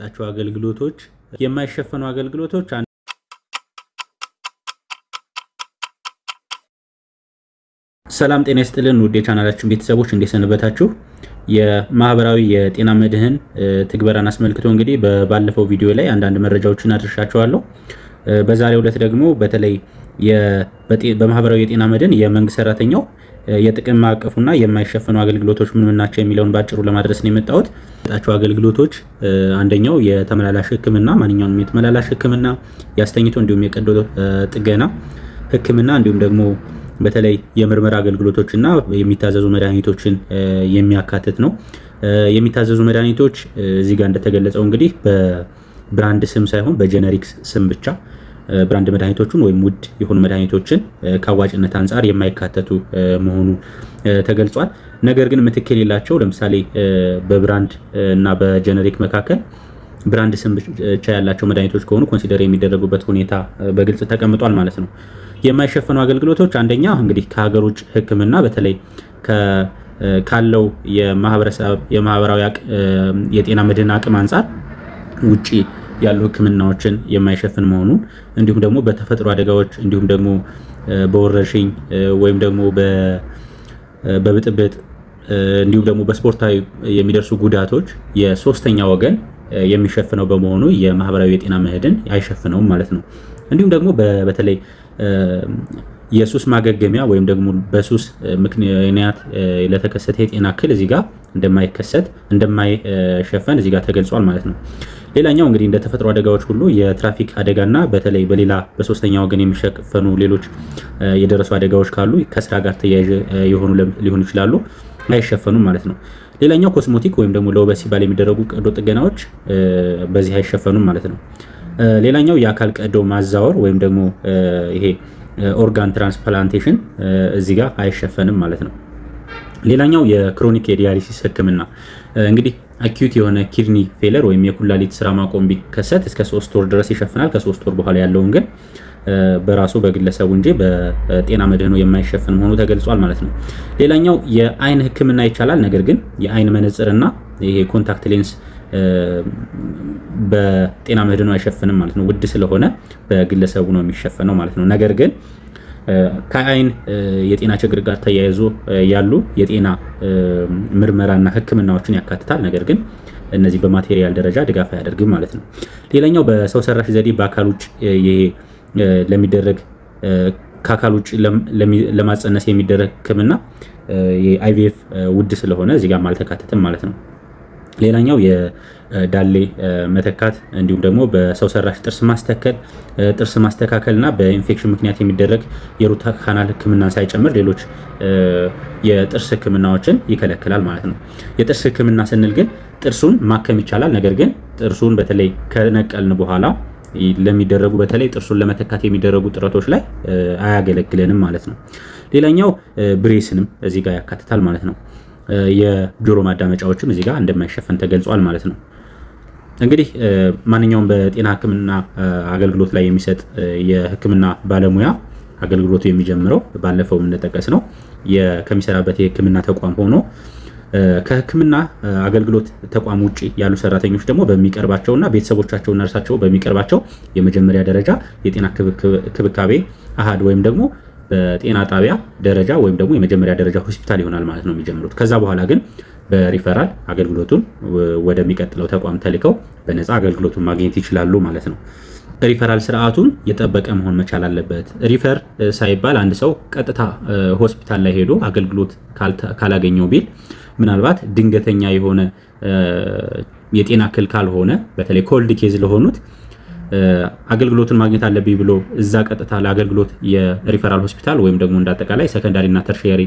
የሚሰጣቸው አገልግሎቶች የማይሸፈኑ አገልግሎቶች ሰላም ጤና ይስጥልን ውድ የቻናላችን ቤተሰቦች እንደሰነበታችሁ። የማህበራዊ የጤና መድህን ትግበራን አስመልክቶ እንግዲህ በባለፈው ቪዲዮ ላይ አንዳንድ መረጃዎችን አድርሻቸዋለሁ። በዛሬው ዕለት ደግሞ በተለይ በማህበራዊ የጤና መድን የመንግስት ሰራተኛው የጥቅም ማዕቀፉና የማይሸፈኑ አገልግሎቶች ምን ምን ናቸው የሚለውን ባጭሩ ለማድረስ ነው የመጣሁት። ጣቸው አገልግሎቶች አንደኛው የተመላላሽ ሕክምና ማንኛውም የተመላላሽ ሕክምና ያስተኝቶ እንዲሁም የቀዶ ጥገና ሕክምና እንዲሁም ደግሞ በተለይ የምርመራ አገልግሎቶችና የሚታዘዙ መድኃኒቶችን የሚያካትት ነው። የሚታዘዙ መድኃኒቶች እዚህ ጋር እንደተገለጸው እንግዲህ በብራንድ ስም ሳይሆን በጀነሪክ ስም ብቻ ብራንድ መድኃኒቶችን ወይም ውድ የሆኑ መድኃኒቶችን ከአዋጭነት አንጻር የማይካተቱ መሆኑ ተገልጿል። ነገር ግን ምትክ የሌላቸው ለምሳሌ በብራንድ እና በጀነሪክ መካከል ብራንድ ስም ብቻ ያላቸው መድኃኒቶች ከሆኑ ኮንሲደር የሚደረጉበት ሁኔታ በግልጽ ተቀምጧል ማለት ነው። የማይሸፈኑ አገልግሎቶች አንደኛ እንግዲህ ከሀገር ውጭ ሕክምና በተለይ ካለው የማህበረሰብ የማህበራዊ የጤና መድን አቅም አንጻር ውጪ ያሉ ህክምናዎችን የማይሸፍን መሆኑን እንዲሁም ደግሞ በተፈጥሮ አደጋዎች እንዲሁም ደግሞ በወረርሽኝ ወይም ደግሞ በብጥብጥ እንዲሁም ደግሞ በስፖርታዊ የሚደርሱ ጉዳቶች የሶስተኛ ወገን የሚሸፍነው በመሆኑ የማህበራዊ የጤና መሄድን አይሸፍነውም ማለት ነው። እንዲሁም ደግሞ በተለይ የሱስ ማገገሚያ ወይም ደግሞ በሱስ ምክንያት ለተከሰተ የጤና እክል እዚህ ጋር እንደማይከሰት እንደማይሸፈን እዚህ ጋር ተገልጿል ማለት ነው። ሌላኛው እንግዲህ እንደ ተፈጥሮ አደጋዎች ሁሉ የትራፊክ አደጋና በተለይ በሌላ በሶስተኛ ወገን የሚሸፈኑ ሌሎች የደረሱ አደጋዎች ካሉ ከስራ ጋር ተያያዥ የሆኑ ሊሆኑ ይችላሉ፣ አይሸፈኑም ማለት ነው። ሌላኛው ኮስሞቲክ ወይም ደግሞ ለውበት ሲባል የሚደረጉ ቀዶ ጥገናዎች በዚህ አይሸፈኑም ማለት ነው። ሌላኛው የአካል ቀዶ ማዛወር ወይም ደግሞ ይሄ ኦርጋን ትራንስፕላንቴሽን እዚህ ጋር አይሸፈንም ማለት ነው። ሌላኛው የክሮኒክ የዲያሊሲስ ህክምና እንግዲህ አኪዩት የሆነ ኪድኒ ፌለር ወይም የኩላሊት ስራ ማቆም ቢከሰት እስከ ሶስት ወር ድረስ ይሸፍናል። ከሶስት ወር በኋላ ያለውን ግን በራሱ በግለሰቡ እንጂ በጤና መድህኑ የማይሸፍን መሆኑ ተገልጿል ማለት ነው። ሌላኛው የአይን ህክምና ይቻላል። ነገር ግን የአይን መነጽርና ይሄ ኮንታክት ሌንስ በጤና መድህኑ አይሸፍንም ማለት ነው። ውድ ስለሆነ በግለሰቡ ነው የሚሸፈነው ማለት ነው። ነገር ግን ከአይን የጤና ችግር ጋር ተያይዞ ያሉ የጤና ምርመራና ሕክምናዎችን ያካትታል። ነገር ግን እነዚህ በማቴሪያል ደረጃ ድጋፍ አያደርግም ማለት ነው። ሌላኛው በሰው ሰራሽ ዘዴ በአካል ውጭ ለሚደረግ ከአካል ውጭ ለማጸነስ የሚደረግ ሕክምና የአይቪኤፍ ውድ ስለሆነ እዚጋም አልተካተትም ማለት ነው። ሌላኛው የዳሌ መተካት እንዲሁም ደግሞ በሰው ሰራሽ ጥርስ ማስተከል ጥርስ ማስተካከል ና በኢንፌክሽን ምክንያት የሚደረግ የሩት ካናል ሕክምና ሳይጨምር ሌሎች የጥርስ ሕክምናዎችን ይከለክላል ማለት ነው። የጥርስ ሕክምና ስንል ግን ጥርሱን ማከም ይቻላል። ነገር ግን ጥርሱን በተለይ ከነቀልን በኋላ ለሚደረጉ በተለይ ጥርሱን ለመተካት የሚደረጉ ጥረቶች ላይ አያገለግለንም ማለት ነው። ሌላኛው ብሬስንም እዚህ ጋር ያካትታል ማለት ነው። የጆሮ ማዳመጫዎችም እዚህ ጋር እንደማይሸፈን ተገልጿል ማለት ነው። እንግዲህ ማንኛውም በጤና ሕክምና አገልግሎት ላይ የሚሰጥ የሕክምና ባለሙያ አገልግሎቱ የሚጀምረው ባለፈው የምንጠቀስ ነው ከሚሰራበት የሕክምና ተቋም ሆኖ ከህክምና አገልግሎት ተቋም ውጭ ያሉ ሰራተኞች ደግሞ በሚቀርባቸውና ቤተሰቦቻቸውና እርሳቸው በሚቀርባቸው የመጀመሪያ ደረጃ የጤና ክብካቤ አሃድ ወይም ደግሞ በጤና ጣቢያ ደረጃ ወይም ደግሞ የመጀመሪያ ደረጃ ሆስፒታል ይሆናል ማለት ነው የሚጀምሩት። ከዛ በኋላ ግን በሪፈራል አገልግሎቱን ወደሚቀጥለው ተቋም ተልከው በነፃ አገልግሎቱን ማግኘት ይችላሉ ማለት ነው። ሪፈራል ስርዓቱን የጠበቀ መሆን መቻል አለበት። ሪፈር ሳይባል አንድ ሰው ቀጥታ ሆስፒታል ላይ ሄዶ አገልግሎት ካላገኘው ቢል ምናልባት ድንገተኛ የሆነ የጤና እክል ካልሆነ በተለይ ኮልድ ኬዝ ለሆኑት አገልግሎትን ማግኘት አለብኝ ብሎ እዛ ቀጥታ ለአገልግሎት የሪፈራል ሆስፒታል ወይም ደግሞ እንዳጠቃላይ እና ተርሽሪ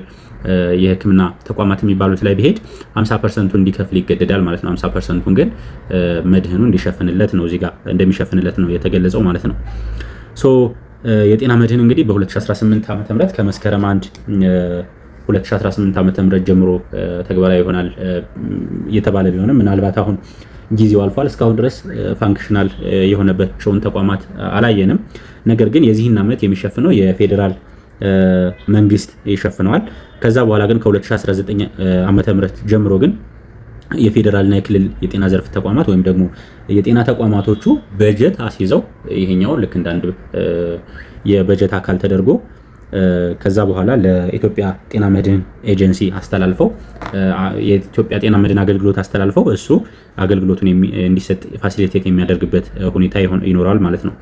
የሕክምና ተቋማት የሚባሉት ላይ ቢሄድ 50 ፐርሰንቱን እንዲከፍል ይገደዳል ማለት ነው። 50 ፐርሰንቱን ግን መድህኑ እንዲሸፍንለት ነው እዚጋ እንደሚሸፍንለት ነው የተገለጸው ማለት ነው። ሶ የጤና መድህን እንግዲህ በ2018 ዓ ም ከመስከረም አንድ 2018 ዓ ም ጀምሮ ተግባራዊ ይሆናል እየተባለ ቢሆንም ምናልባት አሁን ጊዜው አልፏል። እስካሁን ድረስ ፋንክሽናል የሆነበቸውን ተቋማት አላየንም። ነገር ግን የዚህን ዓመት የሚሸፍነው የፌዴራል መንግስት ይሸፍነዋል። ከዛ በኋላ ግን ከ2019 ዓ ም ጀምሮ ግን የፌዴራልና የክልል የጤና ዘርፍ ተቋማት ወይም ደግሞ የጤና ተቋማቶቹ በጀት አስይዘው ይሄኛው ልክ እንዳንድ የበጀት አካል ተደርጎ ከዛ በኋላ ለኢትዮጵያ ጤና መድን ኤጀንሲ አስተላልፈው የኢትዮጵያ ጤና መድን አገልግሎት አስተላልፈው እሱ አገልግሎቱን እንዲሰጥ ፋሲሊቴት የሚያደርግበት ሁኔታ ይኖራል ማለት ነው።